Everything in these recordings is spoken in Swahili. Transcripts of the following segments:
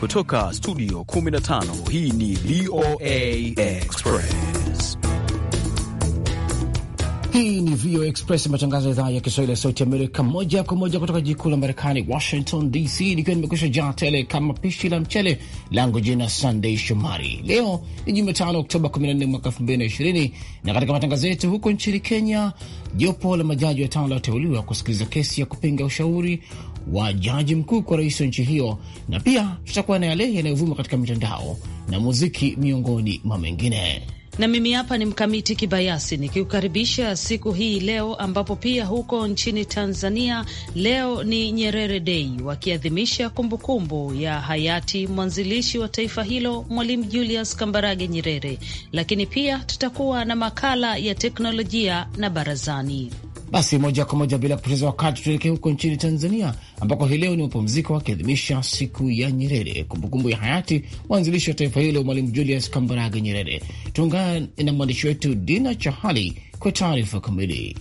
Kutoka studio 15 hii ni VOA Express. Hii ni VOA Express, matangazo ya idhaa ya Kiswahili ya sauti Amerika, moja kwa moja kutoka jiji kuu la Marekani, Washington DC, likiwa nimekwisha jaa tele kama pishi la mchele langu. Jina Sunday Shomari. Leo ni Jumatano, Oktoba 14 mwaka 2020, na katika matangazo yetu huko nchini Kenya, jopo la majaji watano walioteuliwa kusikiliza kesi ya kupinga ushauri wa jaji mkuu kwa rais wa nchi hiyo, na pia tutakuwa na yale yanayovuma katika mitandao na muziki miongoni mwa mengine na mimi hapa ni Mkamiti Kibayasi nikiukaribisha siku hii leo, ambapo pia huko nchini Tanzania leo ni Nyerere Dei, wakiadhimisha kumbukumbu ya hayati mwanzilishi wa taifa hilo Mwalimu Julius Kambarage Nyerere. Lakini pia tutakuwa na makala ya teknolojia na barazani. Basi moja kwa moja bila kupoteza wakati tuelekee huko nchini Tanzania, ambako hii leo ni mapumziko wakiadhimisha siku ya Nyerere, kumbukumbu ya hayati mwanzilishi wa taifa hilo Mwalimu Julius Kambarage Nyerere. Tuungana na mwandishi wetu Dina Chahali kwa taarifa kamili.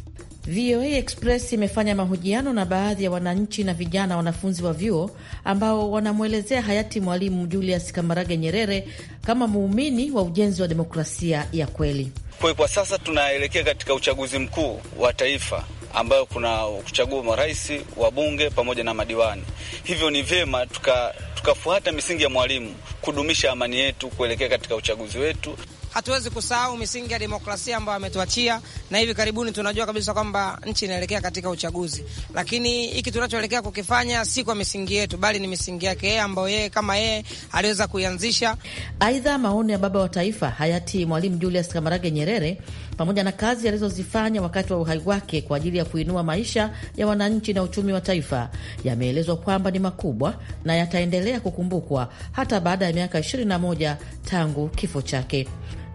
VOA Express imefanya mahojiano na baadhi ya wananchi na vijana wanafunzi wa vyuo ambao wanamwelezea hayati Mwalimu Julius Kambarage Nyerere kama muumini wa ujenzi wa demokrasia ya kweli. Kwa kwa sasa tunaelekea katika uchaguzi mkuu wa taifa ambayo kuna kuchagua marais, wabunge pamoja na madiwani. Hivyo ni vyema tukafuata tuka misingi ya Mwalimu kudumisha amani yetu kuelekea katika uchaguzi wetu hatuwezi kusahau misingi ya demokrasia ambayo ametuachia, na hivi karibuni tunajua kabisa kwamba nchi inaelekea katika uchaguzi, lakini hiki tunachoelekea kukifanya si kwa misingi yetu, bali ni misingi yake yeye ambayo yeye kama yeye aliweza kuianzisha. Aidha, maoni ya baba wa taifa hayati Mwalimu Julius Kamarage Nyerere pamoja na kazi alizozifanya wakati wa uhai wake kwa ajili ya kuinua maisha ya wananchi na uchumi wa taifa yameelezwa kwamba ni makubwa na yataendelea kukumbukwa hata baada ya miaka 21 tangu kifo chake.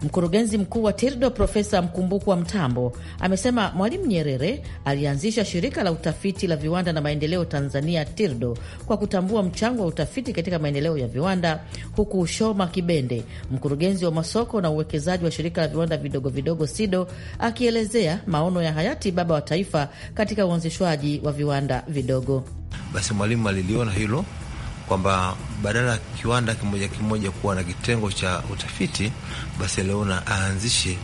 Mkurugenzi mkuu wa TIRDO Profesa Mkumbukwa Mtambo amesema Mwalimu Nyerere alianzisha shirika la utafiti la viwanda na maendeleo Tanzania, TIRDO, kwa kutambua mchango wa utafiti katika maendeleo ya viwanda, huku Shoma Kibende, mkurugenzi wa masoko na uwekezaji wa shirika la viwanda vidogo vidogo SIDO, akielezea maono ya hayati baba wa taifa katika uanzishwaji wa viwanda vidogo. Basi Mwalimu aliliona hilo kwamba badala ya kiwanda kimoja kimoja kuwa na kitengo cha utafiti, basi aanzishe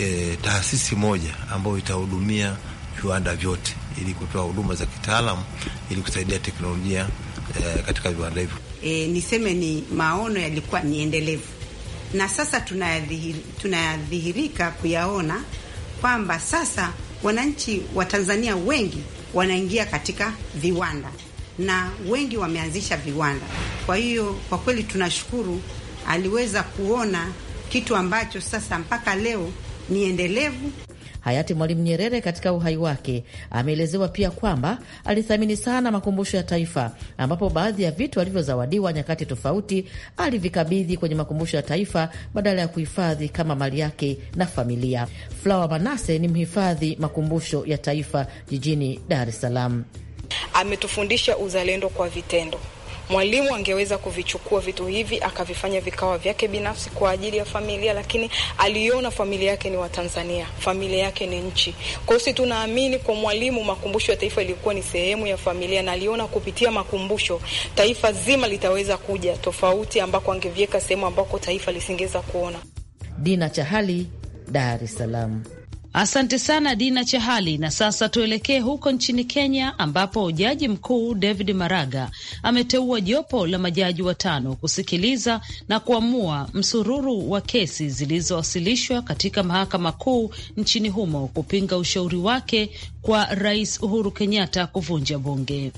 e, taasisi moja ambayo itahudumia viwanda vyote ili kutoa huduma za kitaalam ili kusaidia teknolojia e, katika viwanda hivyo. E, niseme ni maono yalikuwa ni endelevu na sasa tunayadhihirika kuyaona kwamba sasa wananchi wa Tanzania wengi wanaingia katika viwanda na wengi wameanzisha viwanda. Kwa hiyo kwa kweli tunashukuru, aliweza kuona kitu ambacho sasa mpaka leo ni endelevu. Hayati Mwalimu Nyerere katika uhai wake ameelezewa pia kwamba alithamini sana makumbusho ya taifa, ambapo baadhi ya vitu alivyozawadiwa nyakati tofauti alivikabidhi kwenye makumbusho ya taifa badala ya kuhifadhi kama mali yake na familia. Flawa Manase ni mhifadhi makumbusho ya taifa jijini Dar es Salaam. Ametufundisha uzalendo kwa vitendo. Mwalimu angeweza kuvichukua vitu hivi akavifanya vikawa vyake binafsi kwa ajili ya familia, lakini aliona familia yake ni Watanzania, familia yake ni nchi. Kwa hiyo tunaamini kwa mwalimu, makumbusho ya taifa ilikuwa ni sehemu ya familia, na aliona kupitia makumbusho taifa zima litaweza kuja tofauti, ambako angeviweka sehemu ambako taifa lisingeweza kuona. Dina Chahali, Dar es Salaam. Asante sana Dina Chahali. Na sasa tuelekee huko nchini Kenya, ambapo jaji mkuu David Maraga ameteua jopo la majaji watano kusikiliza na kuamua msururu wa kesi zilizowasilishwa katika mahakama kuu nchini humo kupinga ushauri wake kwa Rais Uhuru Kenyatta kuvunja bunge.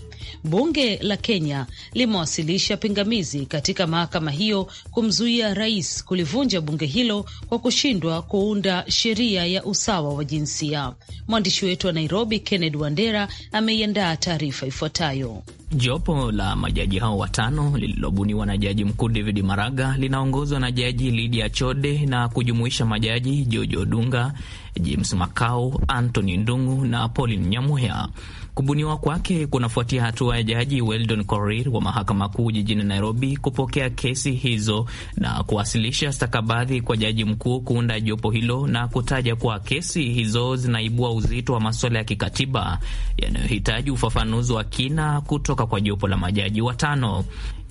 Bunge la Kenya limewasilisha pingamizi katika mahakama hiyo kumzuia rais kulivunja bunge hilo kwa kushindwa kuunda sheria ya usawa wa jinsia. Mwandishi wetu wa Nairobi, kenned Wandera, ameiandaa taarifa ifuatayo. Jopo la majaji hao watano lililobuniwa na jaji mkuu David Maraga linaongozwa na jaji Lydia Chode na kujumuisha majaji Jojo Dunga, James Makau, Anthony Ndungu na Pauline Nyamuya. Kubuniwa kwake kunafuatia hatua ya jaji Weldon Korir wa mahakama kuu jijini Nairobi kupokea kesi hizo na kuwasilisha stakabadhi kwa jaji mkuu kuunda jopo hilo na kutaja kuwa kesi hizo zinaibua uzito wa masuala ya kikatiba yanayohitaji ufafanuzi wa kina kutoka kwa jopo la majaji watano.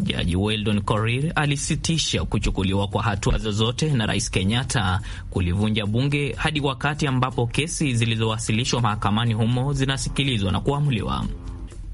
Jaji Weldon Korir alisitisha kuchukuliwa kwa hatua zozote na Rais Kenyatta kulivunja bunge hadi wakati ambapo kesi zilizowasilishwa mahakamani humo zinasikilizwa na kuamuliwa.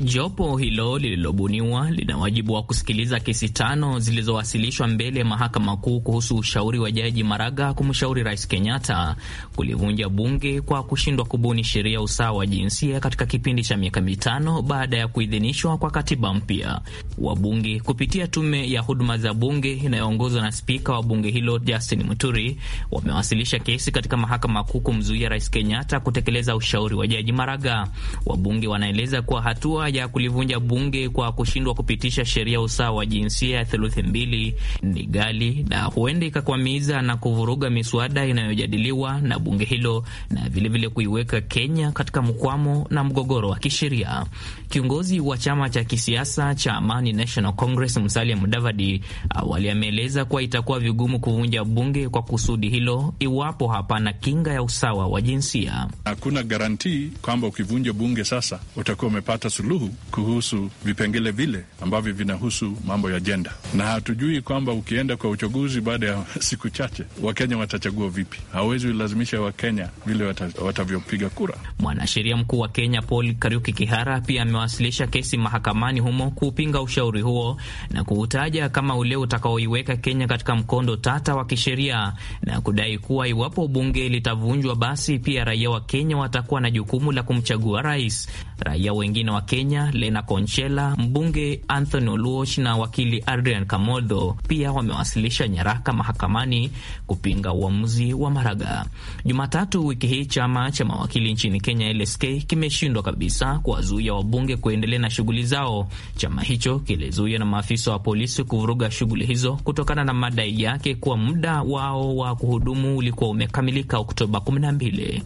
Jopo hilo lililobuniwa lina wajibu wa kusikiliza kesi tano zilizowasilishwa mbele ya mahakama kuu kuhusu ushauri wa jaji Maraga kumshauri rais Kenyatta kulivunja bunge kwa kushindwa kubuni sheria usawa wa jinsia katika kipindi cha miaka mitano baada ya kuidhinishwa kwa katiba mpya. Wabunge kupitia tume ya huduma za bunge inayoongozwa na spika wa bunge hilo Justin Muturi wamewasilisha kesi katika mahakama kuu kumzuia rais Kenyatta kutekeleza ushauri wa jaji Maraga. Wabunge wanaeleza kuwa hatua ya kulivunja bunge kwa kushindwa kupitisha sheria usawa wa jinsia ya theluthi mbili ni gali na huenda ikakwamiza na kuvuruga miswada inayojadiliwa na bunge hilo na vilevile vile kuiweka Kenya katika mkwamo na mgogoro wa kisheria. Kiongozi wa chama cha kisiasa cha Amani National Congress Musalia Mudavadi awali ameeleza kuwa itakuwa vigumu kuvunja bunge kwa kusudi hilo iwapo hapana kinga ya usawa wa jinsia. Hakuna garantii kwamba ukivunja bunge sasa utakuwa umepata suluhu suluhu kuhusu vipengele vile ambavyo vinahusu mambo ya jenda, na hatujui kwamba ukienda kwa uchaguzi baada ya siku chache Wakenya watachagua vipi. Hawezi ulazimisha Wakenya vile watavyopiga wata kura. Mwanasheria mkuu wa Kenya Paul Kariuki Kihara pia amewasilisha kesi mahakamani humo kuupinga ushauri huo na kuutaja kama ule utakaoiweka Kenya katika mkondo tata wa kisheria na kudai kuwa iwapo bunge litavunjwa, basi pia raia wa Kenya watakuwa na jukumu la kumchagua rais. Raia wengine wa Kenya Kenya Lena Konchela, mbunge Anthony Oluoch na wakili Adrian Kamodho pia wamewasilisha nyaraka mahakamani kupinga uamuzi wa Maraga. Jumatatu wiki hii, chama cha mawakili nchini Kenya LSK kimeshindwa kabisa kuwazuia wabunge kuendelea na shughuli zao. Chama hicho kilizuia na maafisa wa polisi kuvuruga shughuli hizo kutokana na madai yake kuwa muda wao wa kuhudumu ulikuwa umekamilika Oktoba 12.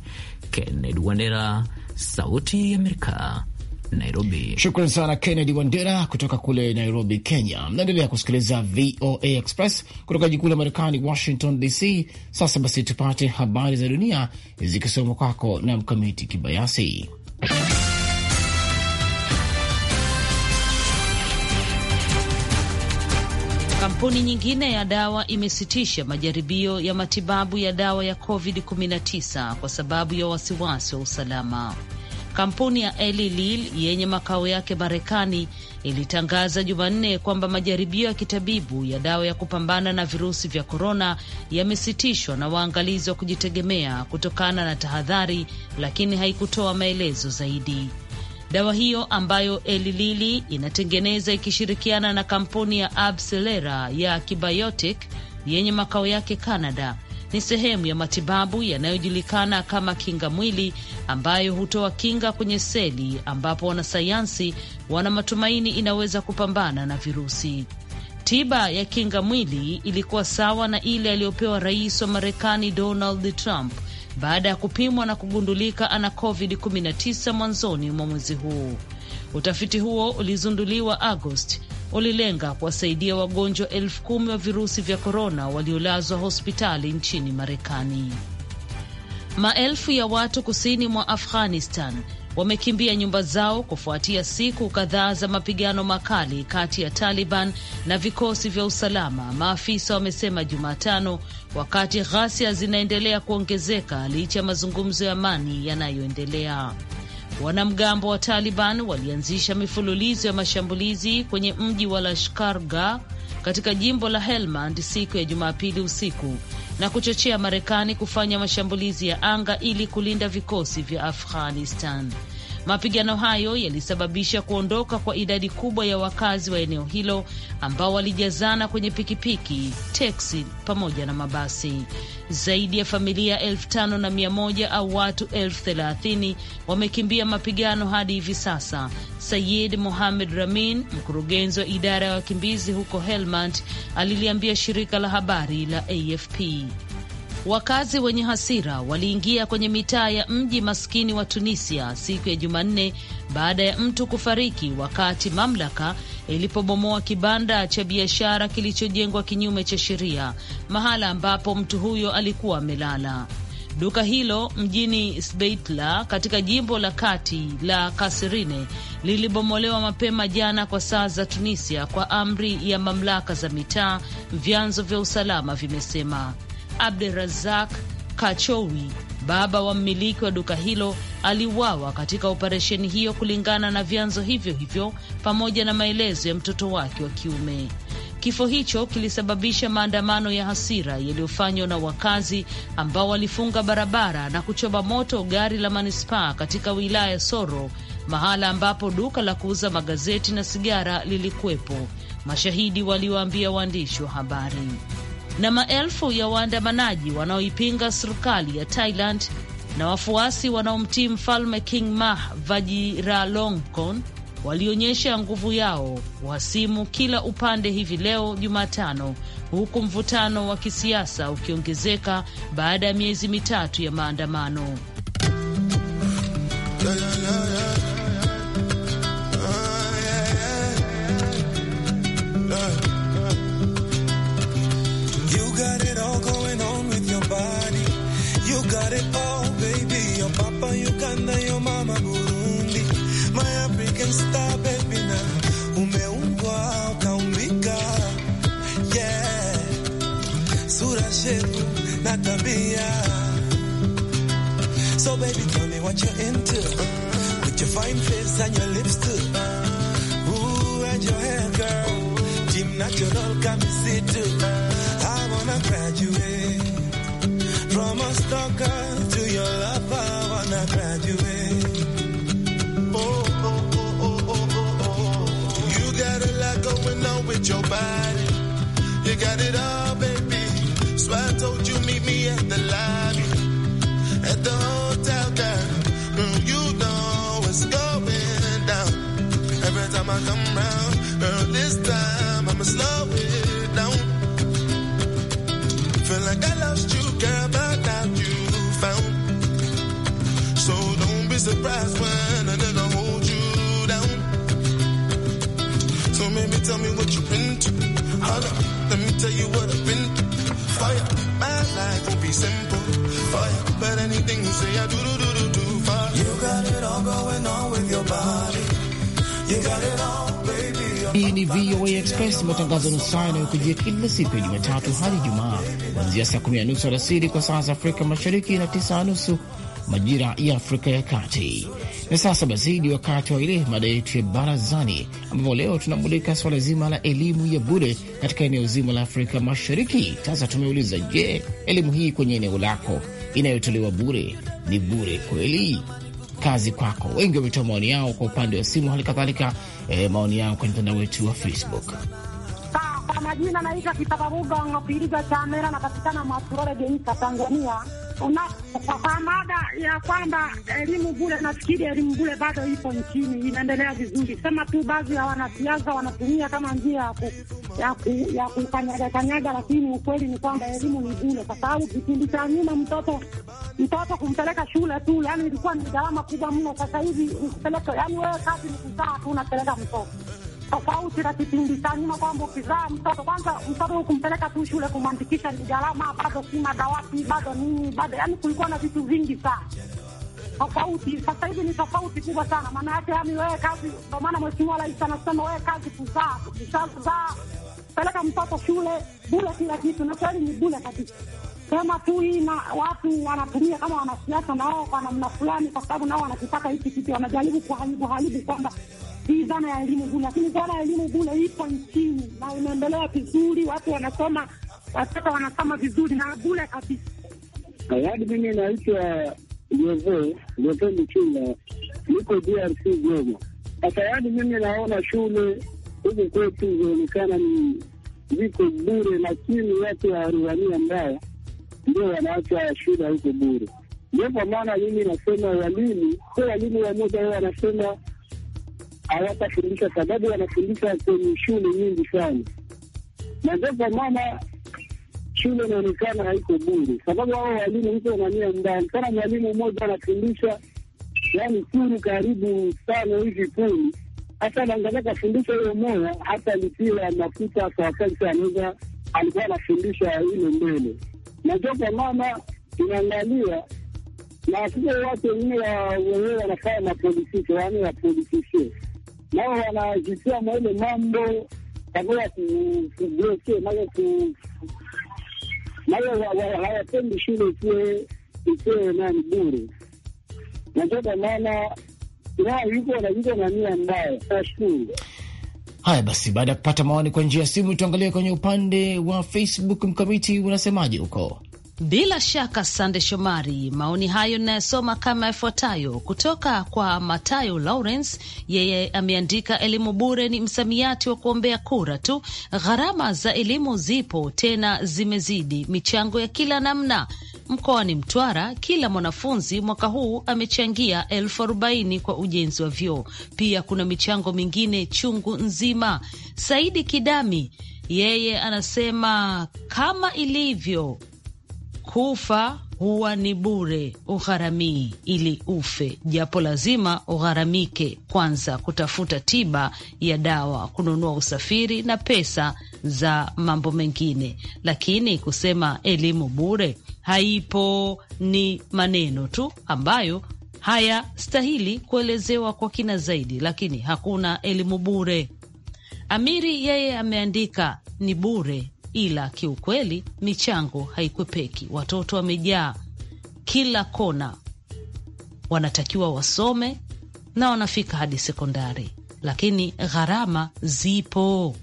Kennedy Wandera, Sauti ya Amerika, Nairobi. Shukran sana Kennedy Wandera kutoka kule Nairobi, Kenya. Mnaendelea kusikiliza VOA Express kutoka jikuu la Marekani, Washington DC. Sasa basi, tupate habari za dunia zikisoma kwako na Mkamiti Kibayasi. Kampuni nyingine ya dawa imesitisha majaribio ya matibabu ya dawa ya COVID-19 kwa sababu ya wasiwasi wa usalama. Kampuni ya Eli Lilly yenye makao yake Marekani ilitangaza Jumanne kwamba majaribio ya kitabibu ya dawa ya kupambana na virusi vya korona yamesitishwa na waangalizi wa kujitegemea kutokana na tahadhari, lakini haikutoa maelezo zaidi. Dawa hiyo ambayo Eli Lilly inatengeneza ikishirikiana na kampuni ya Abcelera ya Kibiotic yenye makao yake Canada ni sehemu ya matibabu yanayojulikana kama kinga mwili ambayo hutoa kinga kwenye seli, ambapo wanasayansi wana matumaini inaweza kupambana na virusi. Tiba ya kinga mwili ilikuwa sawa na ile aliyopewa rais wa Marekani Donald Trump baada ya kupimwa na kugundulika ana COVID-19 mwanzoni mwa mwezi huu. Utafiti huo ulizunduliwa Agosti ulilenga kuwasaidia wagonjwa elfu kumi wa virusi vya korona waliolazwa hospitali nchini Marekani. Maelfu ya watu kusini mwa Afghanistan wamekimbia nyumba zao kufuatia siku kadhaa za mapigano makali kati ya Taliban na vikosi vya usalama, maafisa wamesema Jumatano, wakati ghasia zinaendelea kuongezeka licha ya mazungumzo ya amani yanayoendelea. Wanamgambo wa Taliban walianzisha mifululizo ya mashambulizi kwenye mji wa lashkarga katika jimbo la Helmand siku ya Jumapili usiku na kuchochea Marekani kufanya mashambulizi ya anga ili kulinda vikosi vya Afghanistan. Mapigano hayo yalisababisha kuondoka kwa idadi kubwa ya wakazi wa eneo hilo ambao walijazana kwenye pikipiki, teksi pamoja na mabasi. Zaidi ya familia elfu tano na mia moja au watu elfu thelathini wamekimbia mapigano hadi hivi sasa. Sayid Mohamed Ramin, mkurugenzi wa idara ya wakimbizi huko Helmand, aliliambia shirika la habari la AFP. Wakazi wenye hasira waliingia kwenye mitaa ya mji maskini wa Tunisia siku ya Jumanne baada ya mtu kufariki wakati mamlaka ilipobomoa kibanda cha biashara kilichojengwa kinyume cha sheria mahala ambapo mtu huyo alikuwa amelala. Duka hilo mjini Sbeitla katika jimbo la kati la Kasirine lilibomolewa mapema jana kwa saa za Tunisia kwa amri ya mamlaka za mitaa, vyanzo vya usalama vimesema. Abdurazak Kachowi, baba wa mmiliki wa duka hilo, aliuawa katika operesheni hiyo, kulingana na vyanzo hivyo hivyo pamoja na maelezo ya mtoto wake wa kiume. Kifo hicho kilisababisha maandamano ya hasira yaliyofanywa na wakazi ambao walifunga barabara na kuchoma moto gari la manispaa katika wilaya ya Soro, mahala ambapo duka la kuuza magazeti na sigara lilikuwepo, mashahidi waliwaambia waandishi wa habari na maelfu ya waandamanaji wanaoipinga serikali ya Thailand na wafuasi wanaomtii mfalme King Mah Vajiralongkorn walionyesha nguvu yao wasimu kila upande hivi leo Jumatano, huku mvutano wa kisiasa ukiongezeka baada ya miezi mitatu ya maandamano. what you're into. With your fine face and your lips too. Ooh, and your hair, girl. Team Natural can be see too. I wanna graduate. From a stalker to your lover, I wanna graduate. Oh, oh, oh, oh, oh, oh, oh. You got a lot going on with your body. You got it all come round, girl, this time I'ma slow it down. Feel like I lost you, girl, but now you found. So don't be surprised when I hold you down. So maybe tell me what you've been let me tell you what I've been Fire, be simple. Fire, but anything you say, I do do do do do. Fire. You got it all going on with your body Hii ni VOA Express, matangazo nusu saa yanayokujia kila siku ya Jumatatu hadi Jumaa, kuanzia saa kumi na nusu alasiri kwa saa za Afrika Mashariki na tisa na nusu majira ya Afrika ya Kati. Na sasa basi, ni wakati wa ile mada yetu ya barazani, ambapo leo tunamulika swala zima la elimu ya bure katika eneo zima la Afrika Mashariki. Sasa tumeuliza, je, elimu hii kwenye eneo lako inayotolewa bure ni bure kweli? kazi kwako. Wengi wametoa maoni yao kwa upande wa simu, hali kadhalika e, maoni yao kwenye mtandao wetu wa Facebook. Kwa majina naitwa Kitabaruga Ngapiriga Chamera, napatikana Maturore, Geita, Tanzania kwa mada ya kwamba eh, elimu bure, nafikiri elimu bure bado ipo nchini, inaendelea vizuri, sema tu baadhi ya wanasiasa wanatumia kama njia ya kukanyaga kanyaga, lakini ukweli ni kwamba elimu ni bure, kwa sababu kipindi cha nyuma mtoto mtoto kumpeleka shule tu, yani ilikuwa ni gharama kubwa mno. Sasa hivi ukipeleka, yani wewe kazi ni kuzaa tu, unapeleka mtoto tofauti na kipindi cha nyuma, kwamba ukizaa mtoto kwanza, mtoto kumpeleka tu shule kumwandikisha ni gharama, bado si madawati, bado nini, bado yani, kulikuwa na vitu vingi sana tofauti. Sasa hivi ni tofauti kubwa sana, maana yake yani wewe kazi, ndio maana mheshimiwa Rais anasema wewe kazi kuzaa, ukishazaa peleka mtoto shule bule, kila kitu, na kweli ni bule kabisa sema tu hii na watu wanatumia kama wanasiasa na wao kwa namna fulani, kwa sababu nao wanakitaka hiki kitu, wanajaribu kuharibu haribu kwamba hii dhana ya elimu bure, lakini dhana ya elimu bure ipo nchini na inaendelea vizuri, watu wanasoma, watoto wanasoma vizuri na bure kabisa. Ayadi, mimi naitwa Jove Jove Mchina, niko DRC Goma. Sasa mimi naona shule huku kwetu inaonekana ni ziko bure, lakini watu wa mbaya ndio wanaacha shule huko bure. Ndio kwa maana mimi nasema walimu, sio walimu wa muda, wanasema hawatafundisha, sababu wanafundisha kwenye shule nyingi sana, na sasa mama shule inaonekana haiko bure, sababu hao walimu iko na nia mbali sana. Mwalimu mmoja anafundisha yani kuru karibu tano hivi kuru, hata anaangalia kafundisha hiyo moya, hata alipiwa mafuta kwa wakati, anaweza alikuwa anafundisha ile mbele, na sasa mama inaangalia na sio watu wengine wenyewe wanafanya mapolitiki, yaani wapolitisie nao wanahisia mwaile mambo kabla tugoke nayo nayo hawapendi shule isiwe isiwe nani bure, na ndio kwa maana na yuko wanajuka na nia mbaya. Nashukuru. Haya basi, baada ya kupata maoni kwa njia ya simu, tuangalie kwenye upande wa Facebook. Mkamiti, unasemaje huko? Bila shaka Sande Shomari. Maoni hayo inayosoma kama yafuatayo kutoka kwa Matayo Lawrence, yeye ameandika elimu bure ni msamiati wa kuombea kura tu. Gharama za elimu zipo tena zimezidi, michango ya kila namna. Mkoani Mtwara, kila mwanafunzi mwaka huu amechangia elfu arobaini kwa ujenzi wa vyoo. Pia kuna michango mingine chungu nzima. Saidi Kidami yeye anasema kama ilivyo kufa huwa ni bure, ugharamii ili ufe, japo lazima ugharamike kwanza kutafuta tiba ya dawa, kununua usafiri na pesa za mambo mengine. Lakini kusema elimu bure haipo ni maneno tu ambayo hayastahili kuelezewa kwa kina zaidi, lakini hakuna elimu bure. Amiri yeye ameandika ni bure ila kiukweli michango haikwepeki. Watoto wamejaa kila kona, wanatakiwa wasome na wanafika hadi sekondari, lakini gharama zipo.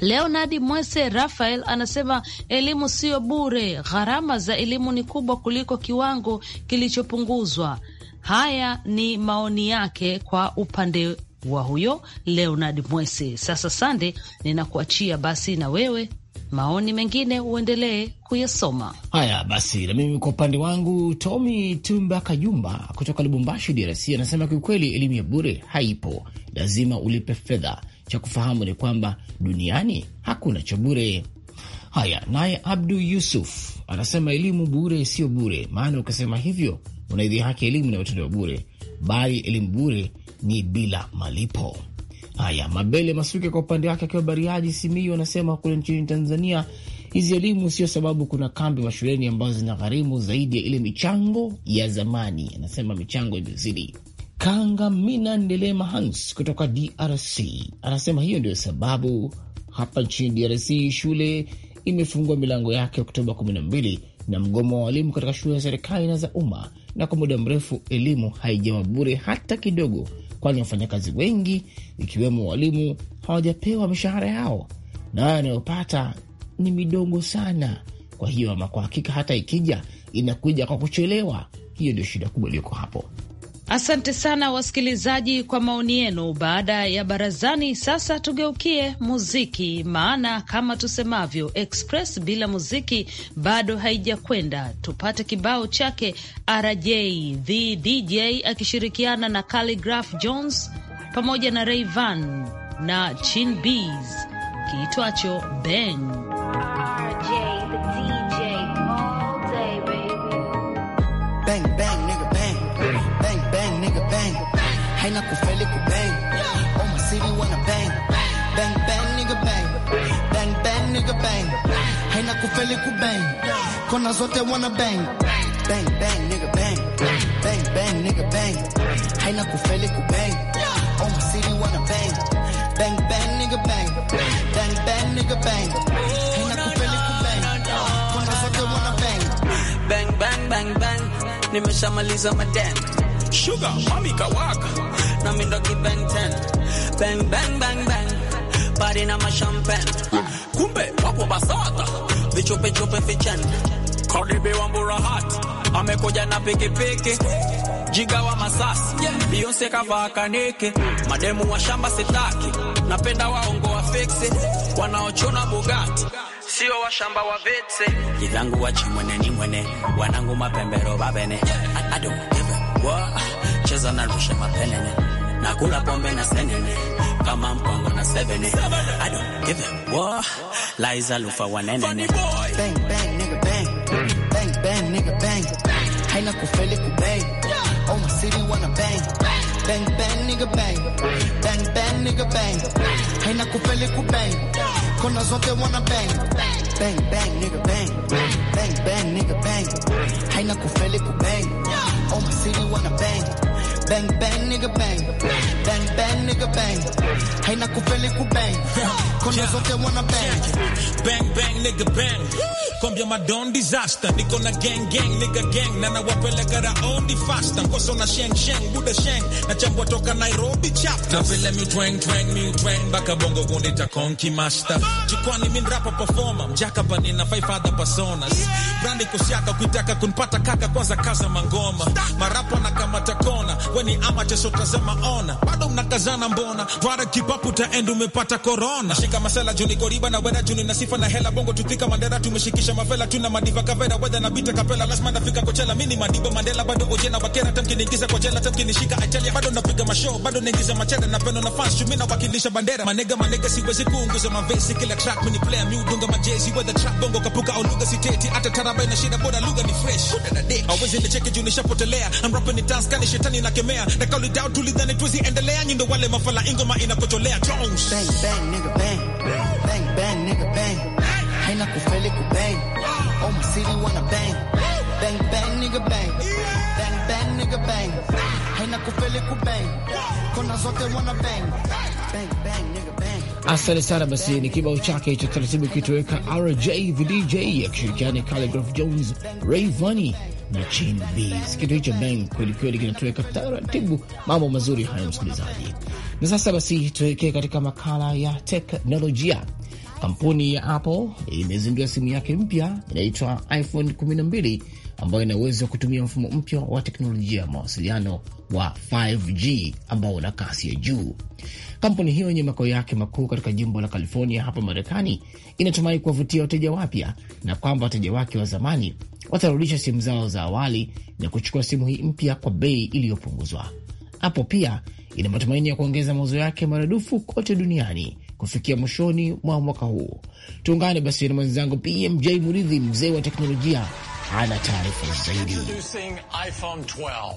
Leonard Mwese Rafael anasema elimu siyo bure, gharama za elimu ni kubwa kuliko kiwango kilichopunguzwa. Haya ni maoni yake kwa upande wa huyo Leonard Mwese. Sasa Sande, ninakuachia basi na wewe Maoni mengine uendelee kuyasoma. Haya basi, na mimi kwa upande wangu, Tomi Tumba Kajumba kutoka Lubumbashi, DRC anasema kiukweli, elimu ya bure haipo, lazima ulipe fedha. Cha kufahamu ni kwamba duniani hakuna cha bure. Haya, naye Abdu Yusuf anasema elimu bure sio bure, maana ukisema hivyo unaidhi haki elimu inayotolewa bure, bali elimu bure ni bila malipo. Haya, Mabele Masuke kwa upande wake akiwa Bariadi, Simiyu, anasema kule nchini Tanzania hizi elimu sio sababu kuna kambi mashuleni ambazo zina gharimu zaidi ya ile michango ya zamani. Anasema michango imezidi. Kanga Mina Ndelema Hans kutoka DRC anasema hiyo ndio sababu hapa nchini DRC shule imefungua milango yake Oktoba 12 na mgomo wa walimu katika shule za serikali na za umma, na kwa muda mrefu elimu haijawa bure hata kidogo kwani wafanyakazi wengi ikiwemo walimu hawajapewa mishahara yao na wanayopata ni midogo sana. Kwa hiyo ama kwa hakika, hata ikija inakuja kwa kuchelewa. Hiyo ndio shida kubwa iliyoko hapo. Asante sana wasikilizaji kwa maoni yenu. Baada ya barazani, sasa tugeukie muziki, maana kama tusemavyo express bila muziki bado haijakwenda. Tupate kibao chake RJ the DJ akishirikiana na Khaligraph Jones pamoja na Rayvan na Chin Bees kiitwacho Bang. haina kufeli kubang oh my city wanna bang bang bang nigga bang bang bang nigga bang haina kufeli kubang kona zote wanna bang bang bang nigga bang bang bang nigga bang haina kufeli kubang oh my city wanna bang bang bang nigga bang bang bang nigga bang haina oh, kufeli kubang kona zote wanna bang bang bang bang bang nimeshamaliza madam Sugar mami kawaka na mindo ki bang ten bang bang bang bang bari na mashampeni kumbe wapo basata vichupe chupe fichen Karibi wa mburahati amekuja na pikipiki jiga wa masasi Beyonce kavaa kaniki mademu wa shamba sitaki napenda waongo wa fiksi wanaochuna Bugatti sio washamba wa wa chimwene ni mwene. wanangu mapembero babene cheza na rushe mapenene na kula pombe na senene kama mkongo na sebene I don't give it war Liza lufa wanene bang bang nigga bang bang bang nigga bang haina kufeli kubang oh my city wanna bang bang bang nigga bang bang bang nigga bang haina kufeli kubang kona zote wanna bang bang bang nigga bang bang bang nigga bang haina kufeli kubang Oh, my city wanna bang. Bang, bang, nigga, bang. Bang, bang, nigga, bang. Haina kufeli kubang. Kona zote wanna bang. Bang, bang, nigga, bang kwambia madon disaster niko na gang gang nigga gang na nawapeleka raundi fasta mkoso na sheng sheng buda sheng na chambwa toka Nairobi chapter vile mi twang twang mi twang baka bongo gundi ta konki master jukwani min rapper performer mjaka bani na five other personas brandi kusiaka kuitaka kunipata kaka kwanza kaza mangoma marapo na kamata kona weni ama cheso tazama ona bado mnakazana mbona vara kipapu ta end umepata corona shika masala juni goriba na wena juni na sifa na hela bongo tutika mandera tumeshikisha kuonyesha mafela tuna madiva kavera wedha na bita kapela lazima nafika kochela mini madiba mandela bado oje na bakera tamki niingiza kochela tamki nishika achalia bado napiga masho bado naingiza machada na pendo na fans chumi na wakilisha bandera manega manega siwezi kuunguza mavesi kila track mini player mi udunga majezi wedha track bongo kapuka au lugha siteti hata taraba ina shida boda lugha ni fresh awezi nicheke juu nishapotelea I'm rapping it dance kani shetani kemea na call it down the tuwezi endelea nyindo wale mafala ingoma inakotolea Jones bang bang nigga bang bang bang nigga bang kufeli oh my city wanna bang bang bang nigga bang bang bang nigga bang haina kufeli kona zote wanna bang bang bang nigga bang. Asante sana basi, ni kibao chake cha taratibu kitoweka RJ the DJ akishirikiana Khaligraph Jones, Vani na Chin Bees. Kitu hicho bang kweli kweli kinatoweka taratibu, mambo mazuri hayo msikilizaji. Na sasa basi tuelekee katika makala ya teknolojia Kampuni ya Apple imezindua simu yake mpya inaitwa iPhone 12 ambayo ina uwezo wa kutumia mfumo mpya wa teknolojia ya mawasiliano wa 5G ambao una kasi ya juu. Kampuni hiyo yenye makao yake makuu katika jimbo la California hapa Marekani inatumai kuwavutia wateja wapya na kwamba wateja wake wa zamani watarudisha simu zao za awali na kuchukua simu hii mpya kwa bei iliyopunguzwa. Apple pia ina matumaini ya kuongeza mauzo yake maradufu kote duniani kufikia mwishoni mwa mwaka huu. Tuungane basi na mwenzangu BMJ Muridhi, mzee wa teknolojia taarifa zaidi.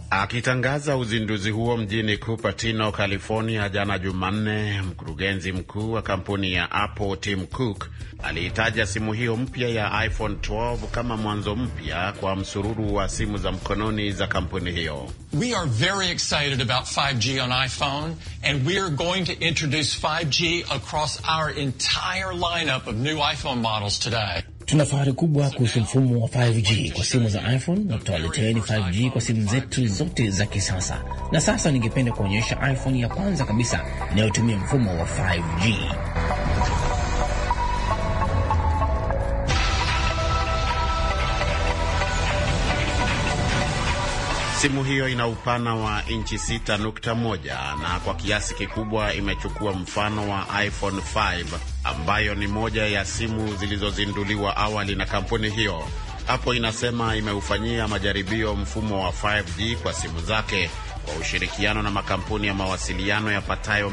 Akitangaza uzinduzi huo mjini Cupertino, California jana Jumanne, mkurugenzi mkuu wa kampuni ya Apple Tim Cook aliitaja simu hiyo mpya ya iPhone 12 kama mwanzo mpya kwa msururu wa simu za mkononi za kampuni hiyo. We are very excited about 5G on iPhone and we are going to introduce 5G across our entire lineup of new iPhone models today. Tuna fahari kubwa kuhusu mfumo wa 5G kwa simu za iPhone na tutawaleteeni 5G kwa simu zetu zote za kisasa. Na sasa ningependa kuonyesha iPhone ya kwanza kabisa inayotumia mfumo wa 5G. Simu hiyo ina upana wa inchi 6.1 na kwa kiasi kikubwa imechukua mfano wa iPhone 5 ambayo ni moja ya simu zilizozinduliwa awali na kampuni hiyo. Hapo inasema imeufanyia majaribio mfumo wa 5G kwa simu zake kwa ushirikiano na makampuni ya mawasiliano yapatayo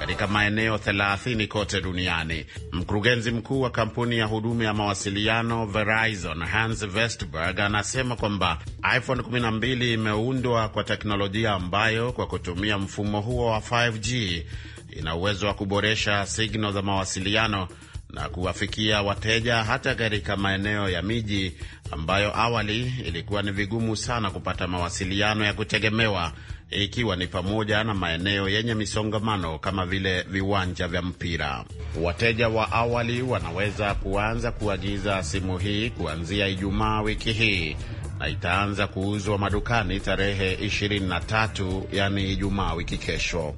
katika maeneo 30 kote duniani. Mkurugenzi mkuu wa kampuni ya huduma ya mawasiliano Verizon, Hans Vestberg, anasema kwamba iPhone 12 imeundwa kwa teknolojia ambayo kwa kutumia mfumo huo wa 5G ina uwezo wa kuboresha signo za mawasiliano na kuwafikia wateja hata katika maeneo ya miji ambayo awali ilikuwa ni vigumu sana kupata mawasiliano ya kutegemewa ikiwa ni pamoja na maeneo yenye misongamano kama vile viwanja vya mpira. Wateja wa awali wanaweza kuanza kuagiza simu hii kuanzia Ijumaa wiki hii na itaanza kuuzwa madukani tarehe 23 yani Ijumaa wiki kesho.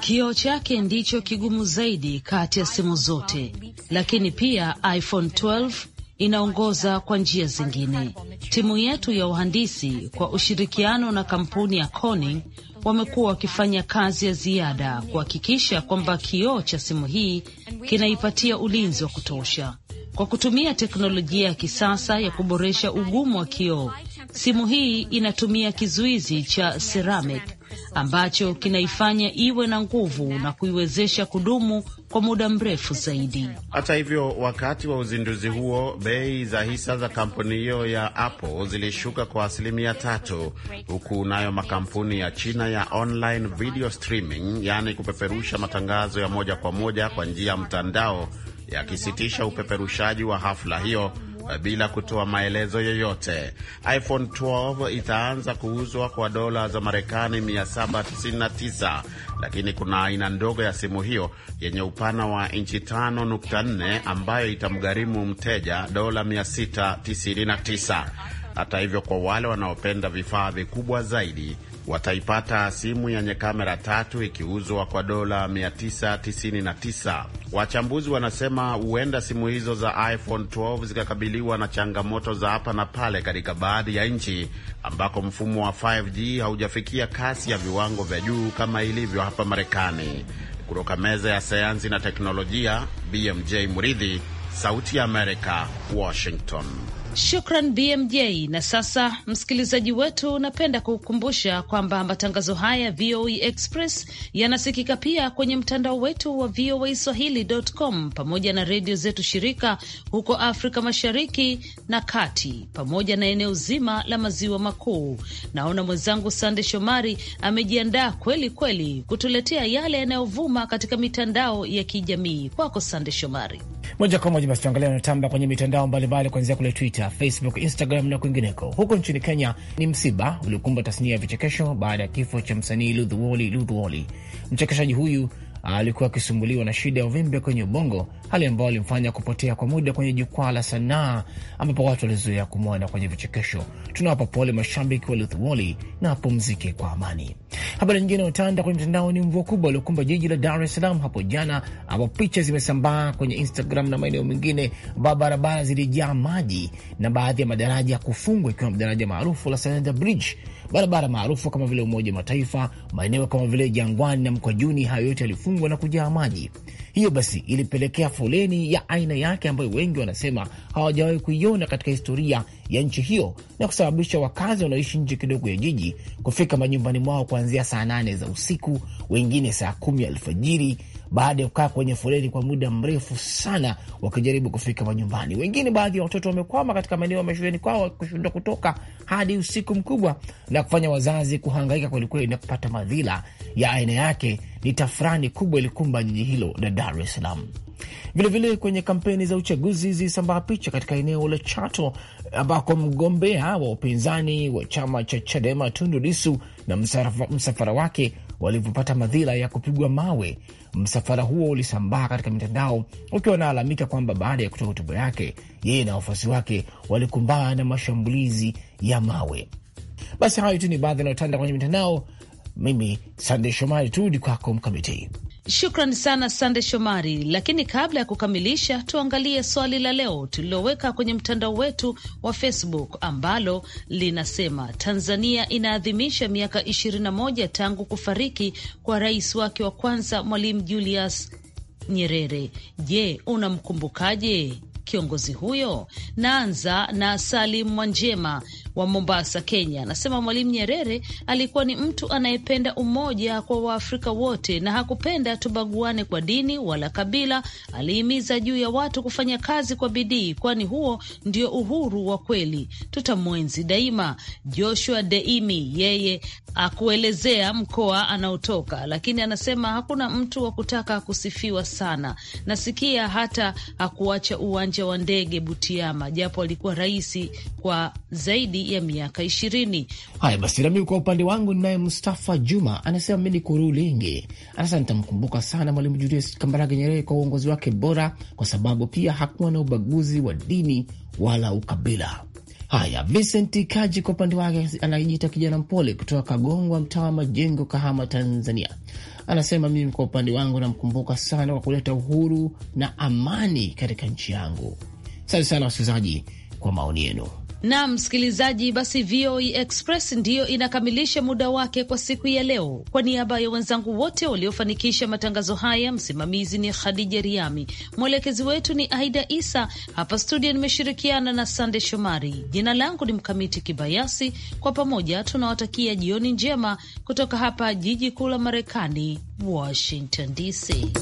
Kioo chake ndicho kigumu zaidi kati ya simu zote, lakini pia iPhone 12 inaongoza kwa njia zingine. Timu yetu ya uhandisi kwa ushirikiano na kampuni ya Corning wamekuwa wakifanya kazi ya ziada kuhakikisha kwamba kioo cha simu hii kinaipatia ulinzi wa kutosha kwa kutumia teknolojia ya kisasa ya kuboresha ugumu wa kioo. Simu hii inatumia kizuizi cha ceramic ambacho kinaifanya iwe na nguvu na kuiwezesha kudumu kwa muda mrefu zaidi. Hata hivyo, wakati wa uzinduzi huo, bei za hisa za kampuni hiyo ya Apple zilishuka kwa asilimia tatu, huku nayo makampuni ya China ya online video streaming, yaani kupeperusha matangazo ya moja kwa moja kwa njia ya mtandao, yakisitisha upeperushaji wa hafla hiyo bila kutoa maelezo yoyote. iPhone 12 itaanza kuuzwa kwa dola za Marekani 799, lakini kuna aina ndogo ya simu hiyo yenye upana wa inchi 5.4 ambayo itamgharimu mteja dola 699. Hata hivyo, kwa wale wanaopenda vifaa vikubwa zaidi wataipata simu yenye kamera tatu ikiuzwa kwa dola 999. Wachambuzi wanasema huenda simu hizo za iPhone 12 zikakabiliwa na changamoto za hapa na pale katika baadhi ya nchi ambako mfumo wa 5G haujafikia kasi ya viwango vya juu kama ilivyo hapa Marekani. Kutoka meza ya sayansi na teknolojia, BMJ Muridhi, Sauti ya Amerika, Washington. Shukran BMJ. Na sasa, msikilizaji wetu, napenda kukukumbusha kwamba matangazo haya VOA e Express yanasikika pia kwenye mtandao wetu wa VOA e Swahili.com pamoja na redio zetu shirika huko Afrika Mashariki na Kati pamoja na eneo zima la Maziwa Makuu. Naona mwenzangu Sande Shomari amejiandaa kweli kweli kutuletea yale yanayovuma katika mitandao ya kijamii. Kwako Sande Shomari. Moja kwa moja basi tuangalia anatamba kwenye mitandao mbalimbali kuanzia kule Twitter Twitter, Facebook, Instagram na kwingineko. Huko nchini Kenya ni msiba uliokumba tasnia ya vichekesho baada ya kifo cha msanii Ludhuwoli Ludhuwoli. Mchekeshaji huyu alikuwa akisumbuliwa na shida ya uvimbe kwenye ubongo, hali ambayo alimfanya kupotea kwa muda kwenye jukwaa la sanaa, ambapo watu walizoea kumwona kwenye vichekesho. Tunawapa pole mashabiki wa Ludhuwoli na apumzike kwa amani. Habari nyingine inayotanda kwenye mtandao ni mvua kubwa iliokumba jiji la Dar es Salaam hapo jana, ambapo picha zimesambaa kwenye Instagram na maeneo mengine ambapo barabara zilijaa maji na baadhi ya madaraja kufungwa, ikiwa daraja maarufu la Selander Bridge, barabara maarufu kama vile Umoja Mataifa, maeneo kama vile Jangwani na Mkwajuni. Hayo yote yalifungwa na kujaa maji. Hiyo basi ilipelekea foleni ya aina yake ambayo wengi wanasema hawajawahi kuiona katika historia ya nchi hiyo, na kusababisha wakazi wanaoishi nje kidogo ya jiji kufika manyumbani mwao kuanzia saa nane za usiku, wengine saa kumi alfajiri, baada ya kukaa kwenye foleni kwa muda mrefu sana wakijaribu kufika manyumbani. Wengine, baadhi ya watoto wamekwama katika maeneo ya mashuleni kwao, kushindwa kutoka hadi usiku mkubwa na kufanya wazazi kuhangaika kwelikweli na kupata madhila ya aina yake. Ni tafurani kubwa ilikumba jiji hilo la Dar es Salaam. Vilevile kwenye kampeni za uchaguzi zilisambaa picha katika eneo la Chato ambako mgombea wa upinzani wa chama cha Chadema Tundu Lissu na msafara wake walivyopata madhila ya kupigwa mawe. Msafara huo ulisambaa katika mitandao ukiwa wanaalamika kwamba baada ya kutoa hotuba yake, yeye na wafuasi wake walikumbana na mashambulizi ya mawe. Basi hayo tu ni baadhi yanayotanda kwenye mitandao. Mimi Sandey Shomari, turudi kwako Mkamiti. Shukran sana Sande Shomari. Lakini kabla ya kukamilisha, tuangalie swali la leo tuliloweka kwenye mtandao wetu wa Facebook ambalo linasema Tanzania inaadhimisha miaka 21 tangu kufariki kwa rais wake wa kwanza Mwalimu Julius Nyerere. Je, unamkumbukaje kiongozi huyo? Naanza na Salim Mwanjema wa Mombasa, Kenya, anasema Mwalimu Nyerere alikuwa ni mtu anayependa umoja kwa Waafrika wote na hakupenda tubaguane kwa dini wala kabila. Alihimiza juu ya watu kufanya kazi kwa bidii, kwani huo ndio uhuru wa kweli. Tutamwenzi daima. Joshua Deimi yeye akuelezea mkoa anaotoka, lakini anasema hakuna mtu wa kutaka kusifiwa sana. Nasikia hata hakuacha uwanja wa ndege Butiama, japo alikuwa rais kwa zaidi zaidi ya miaka ishirini. Haya basi, nami kwa upande wangu ninaye Mustafa Juma anasema mi ni Kurulingi, anasema nitamkumbuka sana Mwalimu Julius Kambarage Nyerere kwa uongozi wake bora, kwa sababu pia hakuwa na ubaguzi wa dini wala ukabila. Haya, Vincent Kaji kwa upande wake anajiita kijana mpole kutoka Kagongwa, mtaa wa Majengo, Kahama, Tanzania. Anasema mimi kwa upande wangu namkumbuka sana kwa kuleta uhuru na amani katika nchi yangu. Asante sana wasikilizaji kwa maoni yenu na msikilizaji, basi VOA e Express ndiyo inakamilisha muda wake kwa siku ya leo. Kwa niaba ya wenzangu wote waliofanikisha matangazo haya, msimamizi ni Khadija Riami, mwelekezi wetu ni Aida Isa. Hapa studio nimeshirikiana na Sande Shomari. Jina langu ni Mkamiti Kibayasi. Kwa pamoja tunawatakia jioni njema kutoka hapa jiji kuu la Marekani, Washington DC.